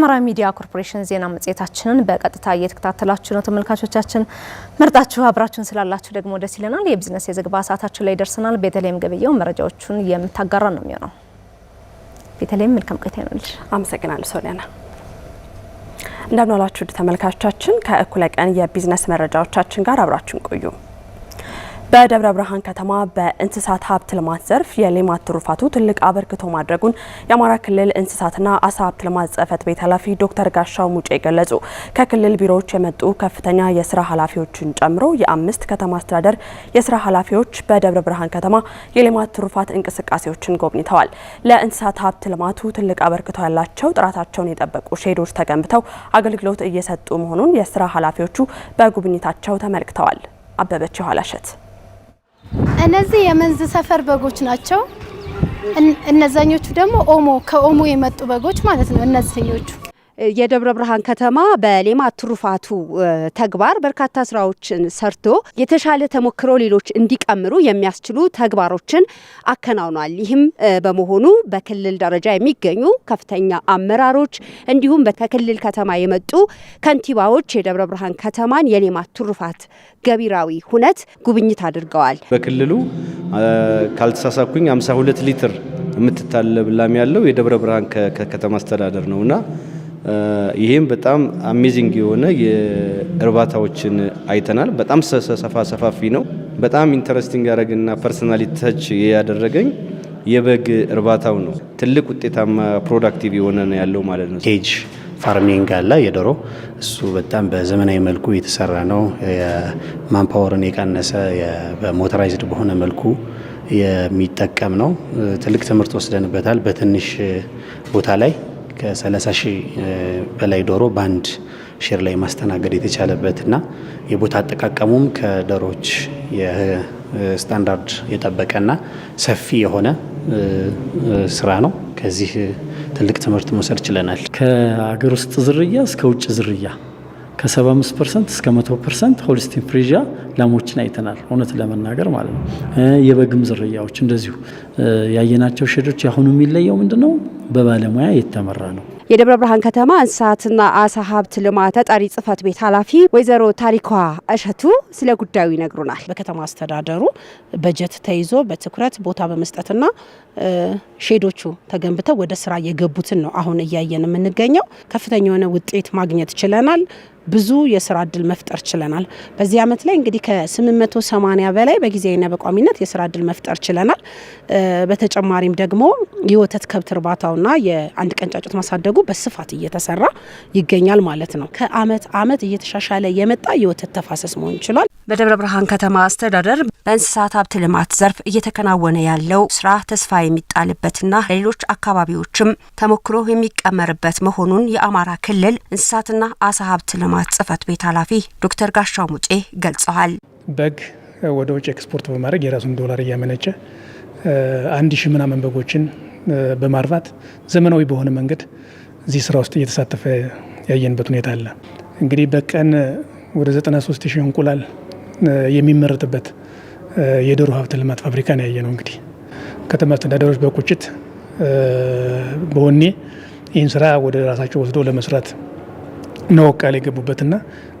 የአማራ ሚዲያ ኮርፖሬሽን ዜና መጽሔታችንን በቀጥታ እየተከታተላችሁ ነው ተመልካቾቻችን። መርጣችሁ አብራችሁን ስላላችሁ ደግሞ ደስ ይለናል። የቢዝነስ የዘገባ ሰዓታችን ላይ ደርሰናል። ቤተልሔም ገበየው መረጃዎቹን የምታጋራ ነው የሚሆነው። ቤተልሔም መልካም ቆይታ ይሆንልሽ። አመሰግናለሁ ሶሊያና። እንደምናላችሁ ተመልካቾቻችን፣ ከእኩለ ቀን የቢዝነስ መረጃዎቻችን ጋር አብራችሁን ቆዩ። በደብረ ብርሃን ከተማ በእንስሳት ሀብት ልማት ዘርፍ የሌማት ትሩፋቱ ትልቅ አበርክቶ ማድረጉን የአማራ ክልል እንስሳትና አሳ ሀብት ልማት ጽፈት ቤት ኃላፊ ዶክተር ጋሻው ሙጬ ገለጹ። ከክልል ቢሮዎች የመጡ ከፍተኛ የስራ ኃላፊዎችን ጨምሮ የአምስት ከተማ አስተዳደር የስራ ኃላፊዎች በደብረ ብርሃን ከተማ የሌማት ትሩፋት እንቅስቃሴዎችን ጎብኝተዋል። ለእንስሳት ሀብት ልማቱ ትልቅ አበርክቶ ያላቸው ጥራታቸውን የጠበቁ ሼዶች ተገንብተው አገልግሎት እየሰጡ መሆኑን የስራ ኃላፊዎቹ በጉብኝታቸው ተመልክተዋል። አበበች ኋላሸት እነዚህ የመንዝ ሰፈር በጎች ናቸው። እነዛኞቹ ደግሞ ኦሞ ከኦሞ የመጡ በጎች ማለት ነው እነዚህኞቹ የደብረ ብርሃን ከተማ በሌማት ትሩፋቱ ተግባር በርካታ ስራዎችን ሰርቶ የተሻለ ተሞክሮ ሌሎች እንዲቀምሩ የሚያስችሉ ተግባሮችን አከናውኗል። ይህም በመሆኑ በክልል ደረጃ የሚገኙ ከፍተኛ አመራሮች እንዲሁም ከክልል ከተማ የመጡ ከንቲባዎች የደብረ ብርሃን ከተማን የሌማት ትሩፋት ገቢራዊ ሁነት ጉብኝት አድርገዋል። በክልሉ ካልተሳሳኩኝ 52 ሊትር የምትታለብ ላም ያለው የደብረ ብርሃን ከተማ አስተዳደር ነውና ይህም በጣም አሜዚንግ የሆነ የእርባታዎችን አይተናል። በጣም ሰፋ ሰፋፊ ነው። በጣም ኢንተረስቲንግ ያደረግና ፐርሰናሊ ተች ያደረገኝ የበግ እርባታው ነው። ትልቅ ውጤታማ ፕሮዳክቲቭ የሆነ ነው ያለው ማለት ነው። ኬጅ ፋርሚንግ አለ የዶሮ እሱ በጣም በዘመናዊ መልኩ የተሰራ ነው። የማንፓወርን የቀነሰ በሞተራይዝድ በሆነ መልኩ የሚጠቀም ነው። ትልቅ ትምህርት ወስደንበታል በትንሽ ቦታ ላይ ከ30 ሺህ በላይ ዶሮ በአንድ ሼር ላይ ማስተናገድ የተቻለበት እና የቦታ አጠቃቀሙም ከዶሮዎች ስታንዳርድ የጠበቀና ሰፊ የሆነ ስራ ነው። ከዚህ ትልቅ ትምህርት መውሰድ ችለናል። ከአገር ውስጥ ዝርያ እስከ ውጭ ዝርያ ከ75 ፐርሰንት እስከ 100 ፐርሰንት ሆልስቲን ፍሪዣ ላሞችን አይተናል። እውነት ለመናገር ማለት ነው። የበግም ዝርያዎች እንደዚሁ ያየናቸው ሼዶች። ያሁኑ የሚለየው ምንድን ነው? በባለሙያ የተመራ ነው። የደብረ ብርሃን ከተማ እንስሳትና አሳ ሀብት ልማት ተጠሪ ጽህፈት ቤት ኃላፊ ወይዘሮ ታሪኳ እሸቱ ስለ ጉዳዩ ይነግሩናል። በከተማ አስተዳደሩ በጀት ተይዞ በትኩረት ቦታ በመስጠትና ሼዶቹ ተገንብተው ወደ ስራ የገቡትን ነው አሁን እያየን የምንገኘው። ከፍተኛ የሆነ ውጤት ማግኘት ችለናል። ብዙ የስራ እድል መፍጠር ችለናል። በዚህ አመት ላይ እንግዲህ ከ880 በላይ በጊዜያዊና በቋሚነት የስራ እድል መፍጠር ችለናል። በተጨማሪም ደግሞ የወተት ከብት እርባታውና የአንድ ቀን ጫጩት ማሳደጉ በስፋት እየተሰራ ይገኛል ማለት ነው። ከአመት አመት እየተሻሻለ የመጣ የወተት ተፋሰስ መሆን ይችሏል። በደብረ ብርሃን ከተማ አስተዳደር በእንስሳት ሀብት ልማት ዘርፍ እየተከናወነ ያለው ስራ ተስፋ የሚጣልበትና ለሌሎች አካባቢዎችም ተሞክሮ የሚቀመርበት መሆኑን የአማራ ክልል እንስሳትና አሳ ሀብት ልማት ልማት ጽህፈት ቤት ኃላፊ ዶክተር ጋሻው ሙጬ ገልጸዋል። በግ ወደ ውጭ ኤክስፖርት በማድረግ የራሱን ዶላር እያመነጨ አንድ ሺህ ምናምን በጎችን በማርባት ዘመናዊ በሆነ መንገድ እዚህ ስራ ውስጥ እየተሳተፈ ያየንበት ሁኔታ አለ። እንግዲህ በቀን ወደ 93 ሺህ እንቁላል የሚመረጥበት የዶሮ ሀብት ልማት ፋብሪካን ያየ ነው። እንግዲህ ከተማ አስተዳደሮች በቁጭት በወኔ ይህን ስራ ወደ ራሳቸው ወስዶ ለመስራት ነው ቃል የገቡበትና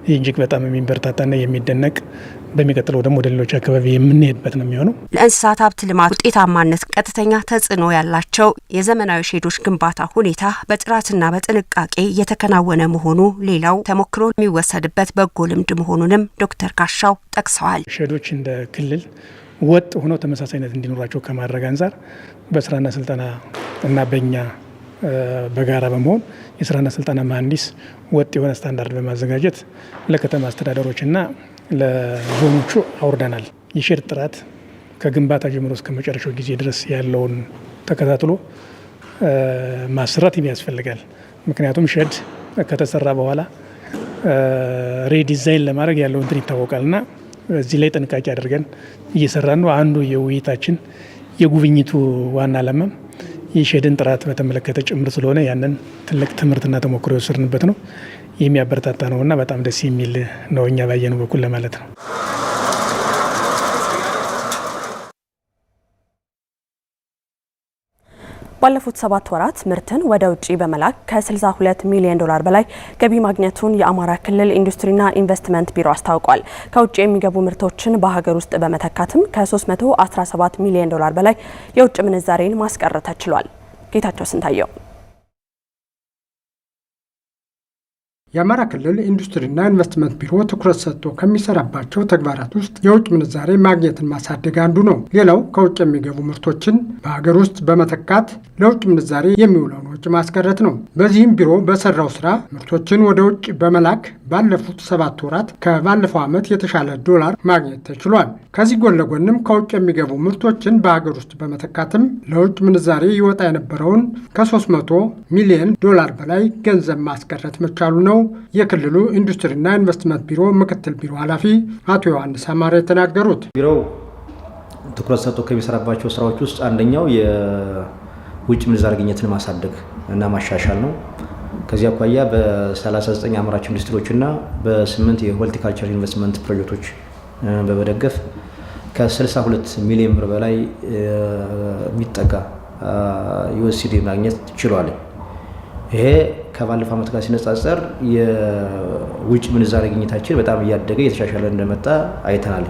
ይህ እጅግ በጣም የሚበረታታና የሚደነቅ በሚቀጥለው ደግሞ ወደ ሌሎች አካባቢ የምንሄድበት ነው የሚሆነው። ለእንስሳት ሀብት ልማት ውጤታማነት ቀጥተኛ ተጽዕኖ ያላቸው የዘመናዊ ሼዶች ግንባታ ሁኔታ በጥራትና በጥንቃቄ የተከናወነ መሆኑ ሌላው ተሞክሮ የሚወሰድበት በጎ ልምድ መሆኑንም ዶክተር ካሻው ጠቅሰዋል። ሼዶች እንደ ክልል ወጥ ሆነው ተመሳሳይነት እንዲኖራቸው ከማድረግ አንጻር በስራና ስልጠና እና በእኛ በጋራ በመሆን የስራና ስልጠና መሀንዲስ ወጥ የሆነ ስታንዳርድ በማዘጋጀት ለከተማ አስተዳደሮችና ለዞኖቹ አውርደናል። የሼድ ጥራት ከግንባታ ጀምሮ እስከ መጨረሻው ጊዜ ድረስ ያለውን ተከታትሎ ማስራት ያስፈልጋል። ምክንያቱም ሼድ ከተሰራ በኋላ ሬዲዛይን ለማድረግ ያለው እንትን ይታወቃል እና እዚህ ላይ ጥንቃቄ አድርገን እየሰራ ነው። አንዱ የውይይታችን የጉብኝቱ ዋና ዓላማም የሼድን ጥራት በተመለከተ ጭምር ስለሆነ ያንን ትልቅ ትምህርትና ተሞክሮ የወሰድንበት ነው። የሚያበረታታ ነው እና በጣም ደስ የሚል ነው እኛ ባየነው በኩል ለማለት ነው። ባለፉት ሰባት ወራት ምርትን ወደ ውጭ በመላክ ከ62 ሚሊዮን ዶላር በላይ ገቢ ማግኘቱን የአማራ ክልል ኢንዱስትሪና ኢንቨስትመንት ቢሮ አስታውቋል። ከውጭ የሚገቡ ምርቶችን በሀገር ውስጥ በመተካትም ከ317 ሚሊዮን ዶላር በላይ የውጭ ምንዛሬን ማስቀረት ተችሏል። ጌታቸው ስንታየው የአማራ ክልል ኢንዱስትሪና ኢንቨስትመንት ቢሮ ትኩረት ሰጥቶ ከሚሰራባቸው ተግባራት ውስጥ የውጭ ምንዛሬ ማግኘትን ማሳደግ አንዱ ነው። ሌላው ከውጭ የሚገቡ ምርቶችን በሀገር ውስጥ በመተካት ለውጭ ምንዛሬ የሚውለውን ወጪ ማስቀረት ነው። በዚህም ቢሮ በሰራው ስራ ምርቶችን ወደ ውጭ በመላክ ባለፉት ሰባት ወራት ከባለፈው ዓመት የተሻለ ዶላር ማግኘት ተችሏል። ከዚህ ጎን ለጎንም ከውጭ የሚገቡ ምርቶችን በሀገር ውስጥ በመተካትም ለውጭ ምንዛሬ ይወጣ የነበረውን ከ300 ሚሊዮን ዶላር በላይ ገንዘብ ማስቀረት መቻሉ ነው የክልሉ ኢንዱስትሪና ኢንቨስትመንት ቢሮ ምክትል ቢሮ ኃላፊ አቶ ዮሐንስ አማረ የተናገሩት። ቢሮው ትኩረት ሰጥቶ ከሚሰራባቸው ስራዎች ውስጥ አንደኛው የውጭ ምንዛሬ ግኝትን ማሳደግ እና ማሻሻል ነው። ከዚህ አኳያ በ39 አምራች ኢንዱስትሪዎችና በ8 የሆልቲካልቸር ኢንቨስትመንት ፕሮጀክቶች በመደገፍ ከ62 ሚሊዮን ብር በላይ የሚጠጋ ዩኤስሲዲ ማግኘት ችሏል። ይሄ ከባለፈው ዓመት ጋር ሲነጻጸር የውጭ ምንዛሬ ግኝታችን በጣም እያደገ እየተሻሻለ እንደመጣ አይተናል።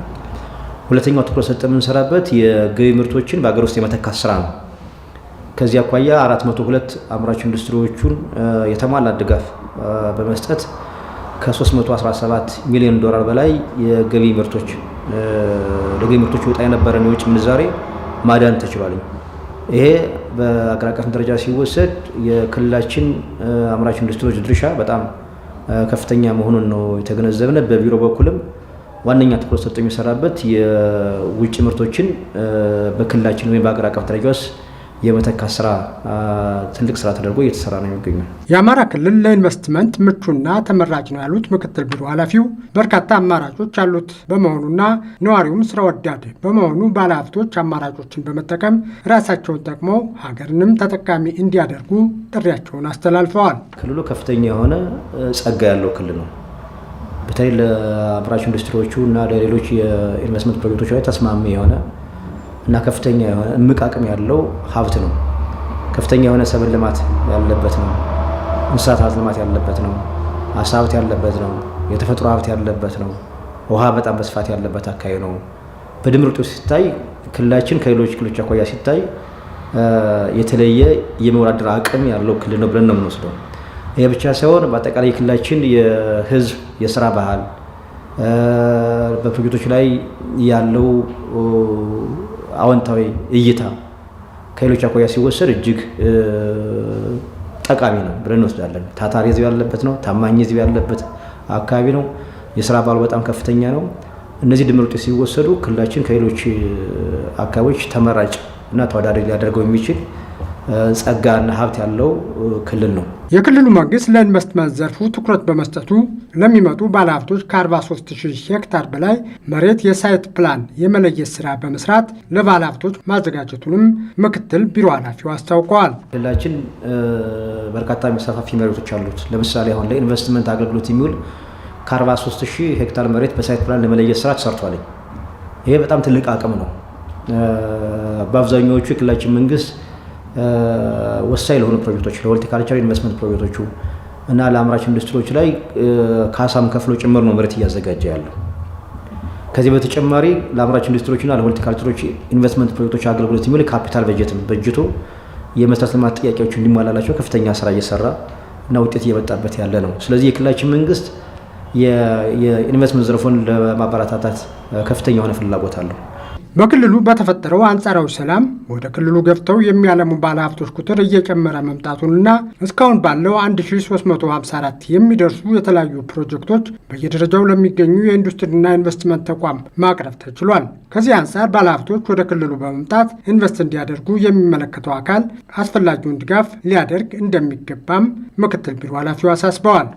ሁለተኛው ትኩረት ሰጠ የምንሰራበት የገቢ ምርቶችን በሀገር ውስጥ የመተካት ስራ ነው። ከዚህ አኳያ 402 አምራች ኢንዱስትሪዎቹን የተሟላ ድጋፍ በመስጠት ከ317 ሚሊዮን ዶላር በላይ የገቢ ምርቶች ለገቢ ምርቶች ወጣ የነበረን የውጭ ምንዛሬ ማዳን ተችሏል። ይሄ በአገር አቀፍ ደረጃ ሲወሰድ የክልላችን አምራች ኢንዱስትሪዎች ድርሻ በጣም ከፍተኛ መሆኑን ነው የተገነዘብነ። በቢሮ በኩልም ዋነኛ ትኩረት ሰጥቶ የሚሰራበት የውጭ ምርቶችን በክልላችን ወይም በአገር አቀፍ ደረጃ ውስጥ የመተካ ስራ ትልቅ ስራ ተደርጎ እየተሰራ ነው የሚገኙ የአማራ ክልል ለኢንቨስትመንት ምቹና ተመራጭ ነው ያሉት ምክትል ቢሮ ኃላፊው በርካታ አማራጮች ያሉት በመሆኑና ነዋሪውም ስራ ወዳድ በመሆኑ ባለሀብቶች አማራጮችን በመጠቀም ራሳቸውን ጠቅሞ ሀገርንም ተጠቃሚ እንዲያደርጉ ጥሪያቸውን አስተላልፈዋል። ክልሉ ከፍተኛ የሆነ ጸጋ ያለው ክልል ነው። በተለይ ለአምራች ኢንዱስትሪዎቹ እና ለሌሎች የኢንቨስትመንት ፕሮጀክቶች ላይ ተስማሚ የሆነ እና ከፍተኛ የሆነ እምቅ አቅም ያለው ሀብት ነው። ከፍተኛ የሆነ ሰብል ልማት ያለበት ነው። እንስሳት ሀብት ልማት ያለበት ነው። አሳ ሀብት ያለበት ነው። የተፈጥሮ ሀብት ያለበት ነው። ውሃ በጣም በስፋት ያለበት አካባቢ ነው። በድምር ውጤቱ ሲታይ ክልላችን ከሌሎች ክልሎች አኳያ ሲታይ የተለየ የመወዳደር አቅም ያለው ክልል ነው ብለን ነው የምንወስደው። ይህ ብቻ ሳይሆን በአጠቃላይ ክልላችን የህዝብ የስራ ባህል በፕሮጀክቶች ላይ ያለው አዎንታዊ እይታ ከሌሎች አኳያ ሲወሰድ እጅግ ጠቃሚ ነው ብለን እንወስዳለን። ታታሪ ህዝብ ያለበት ነው። ታማኝ ህዝብ ያለበት አካባቢ ነው። የስራ ባሉ በጣም ከፍተኛ ነው። እነዚህ ድምር ውጤት ሲወሰዱ ክልላችን ከሌሎች አካባቢዎች ተመራጭ እና ተወዳዳሪ ሊያደርገው የሚችል ጸጋና ሀብት ያለው ክልል ነው። የክልሉ መንግስት ለኢንቨስትመንት ዘርፉ ትኩረት በመስጠቱ ለሚመጡ ባለሀብቶች ከ43000 ሄክታር በላይ መሬት የሳይት ፕላን የመለየት ስራ በመስራት ለባለሀብቶች ማዘጋጀቱንም ምክትል ቢሮ ኃላፊው አስታውቀዋል። ክልላችን በርካታ የሚሰፋፊ መሬቶች አሉት። ለምሳሌ አሁን ለኢንቨስትመንት አገልግሎት የሚውል ከ43000 ሄክታር መሬት በሳይት ፕላን ለመለየት ስራ ተሰርቷል። ይሄ በጣም ትልቅ አቅም ነው። በአብዛኛዎቹ የክልላችን መንግስት ወሳኝ ለሆኑ ፕሮጀክቶች ለሆርቲካልቸር ኢንቨስትመንት ፕሮጀክቶቹ እና ለአምራች ኢንዱስትሪዎች ላይ ካሳም ከፍሎ ጭምር ነው መሬት እያዘጋጀ ያለው። ከዚህ በተጨማሪ ለአምራች ኢንዱስትሪዎችና ለሆርቲካልቸሮች ኢንቨስትመንት ፕሮጀክቶች አገልግሎት የሚውል ካፒታል በጀትን በጅቶ የመሰረተ ልማት ጥያቄዎች እንዲሟላላቸው ከፍተኛ ስራ እየሰራ እና ውጤት እየመጣበት ያለ ነው። ስለዚህ የክልላችን መንግስት የኢንቨስትመንት ዘርፎን ለማበረታታት ከፍተኛ የሆነ ፍላጎት አለው። በክልሉ በተፈጠረው አንጻራዊ ሰላም ወደ ክልሉ ገብተው የሚያለሙ ባለሀብቶች ቁጥር እየጨመረ መምጣቱንና እስካሁን ባለው 1354 የሚደርሱ የተለያዩ ፕሮጀክቶች በየደረጃው ለሚገኙ የኢንዱስትሪና ኢንቨስትመንት ተቋም ማቅረብ ተችሏል። ከዚህ አንጻር ባለሀብቶች ወደ ክልሉ በመምጣት ኢንቨስት እንዲያደርጉ የሚመለከተው አካል አስፈላጊውን ድጋፍ ሊያደርግ እንደሚገባም ምክትል ቢሮ ኃላፊው አሳስበዋል።